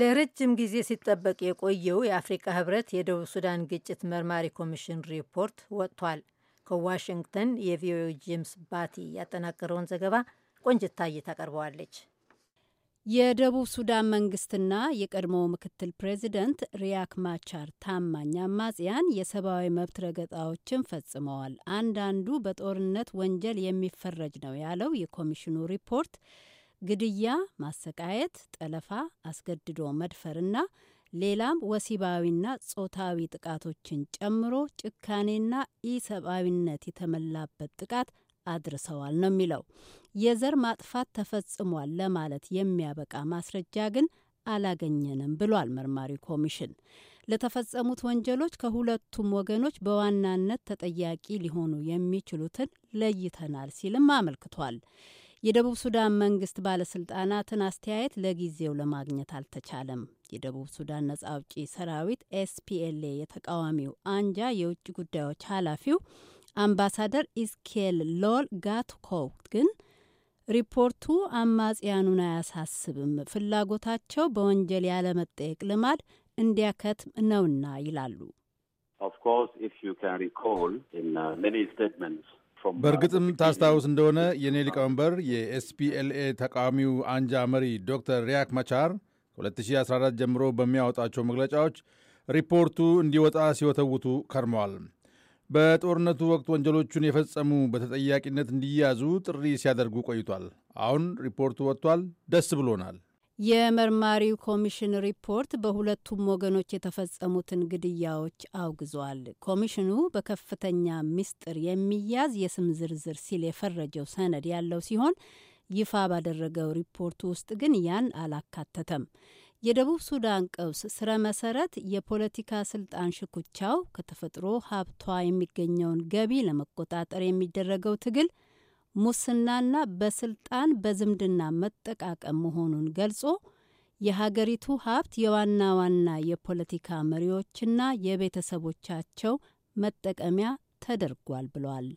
ለረጅም ጊዜ ሲጠበቅ የቆየው የአፍሪካ ህብረት የደቡብ ሱዳን ግጭት መርማሪ ኮሚሽን ሪፖርት ወጥቷል። ከዋሽንግተን የቪኦኤ ጄምስ ባቲ ያጠናቀረውን ዘገባ ቆንጅታዬ ታቀርበዋለች። የደቡብ ሱዳን መንግስትና የቀድሞ ምክትል ፕሬዚደንት ሪያክ ማቻር ታማኝ አማጽያን የሰብአዊ መብት ረገጣዎችን ፈጽመዋል፣ አንዳንዱ በጦርነት ወንጀል የሚፈረጅ ነው ያለው የኮሚሽኑ ሪፖርት ግድያ፣ ማሰቃየት፣ ጠለፋ፣ አስገድዶ መድፈርና ሌላም ወሲባዊና ጾታዊ ጥቃቶችን ጨምሮ ጭካኔና ኢሰብአዊነት የተመላበት ጥቃት አድርሰዋል ነው የሚለው። የዘር ማጥፋት ተፈጽሟል ለማለት የሚያበቃ ማስረጃ ግን አላገኘንም ብሏል መርማሪ ኮሚሽን። ለተፈጸሙት ወንጀሎች ከሁለቱም ወገኖች በዋናነት ተጠያቂ ሊሆኑ የሚችሉትን ለይተናል ሲልም አመልክቷል። የደቡብ ሱዳን መንግስት ባለስልጣናትን አስተያየት ለጊዜው ለማግኘት አልተቻለም። የደቡብ ሱዳን ነጻ አውጪ ሰራዊት ኤስፒኤልኤ የተቃዋሚው አንጃ የውጭ ጉዳዮች ኃላፊው አምባሳደር ኢስኬል ሎል ጋትኮው ግን ሪፖርቱ አማጽያኑን አያሳስብም፣ ፍላጎታቸው በወንጀል ያለመጠየቅ ልማድ እንዲያከትም ነውና ይላሉ። uh, በእርግጥም ታስታውስ እንደሆነ የኔ ሊቀመንበር የኤስፒኤልኤ ተቃዋሚው አንጃ መሪ ዶክተር ሪያክ ማቻር 2014 ጀምሮ በሚያወጣቸው መግለጫዎች ሪፖርቱ እንዲወጣ ሲወተውቱ ከርመዋል። በጦርነቱ ወቅት ወንጀሎቹን የፈጸሙ በተጠያቂነት እንዲያዙ ጥሪ ሲያደርጉ ቆይቷል። አሁን ሪፖርቱ ወጥቷል። ደስ ብሎናል። የመርማሪው ኮሚሽን ሪፖርት በሁለቱም ወገኖች የተፈጸሙትን ግድያዎች አውግዟል። ኮሚሽኑ በከፍተኛ ምስጢር የሚያዝ የስም ዝርዝር ሲል የፈረጀው ሰነድ ያለው ሲሆን ይፋ ባደረገው ሪፖርቱ ውስጥ ግን ያን አላካተተም። የደቡብ ሱዳን ቀውስ ስረ መሰረት የፖለቲካ ስልጣን ሽኩቻው ከተፈጥሮ ሀብቷ የሚገኘውን ገቢ ለመቆጣጠር የሚደረገው ትግል ሙስናና በስልጣን በዝምድና መጠቃቀም መሆኑን ገልጾ የሀገሪቱ ሀብት የዋና ዋና የፖለቲካ መሪዎችና የቤተሰቦቻቸው መጠቀሚያ ተደርጓል ብሏል።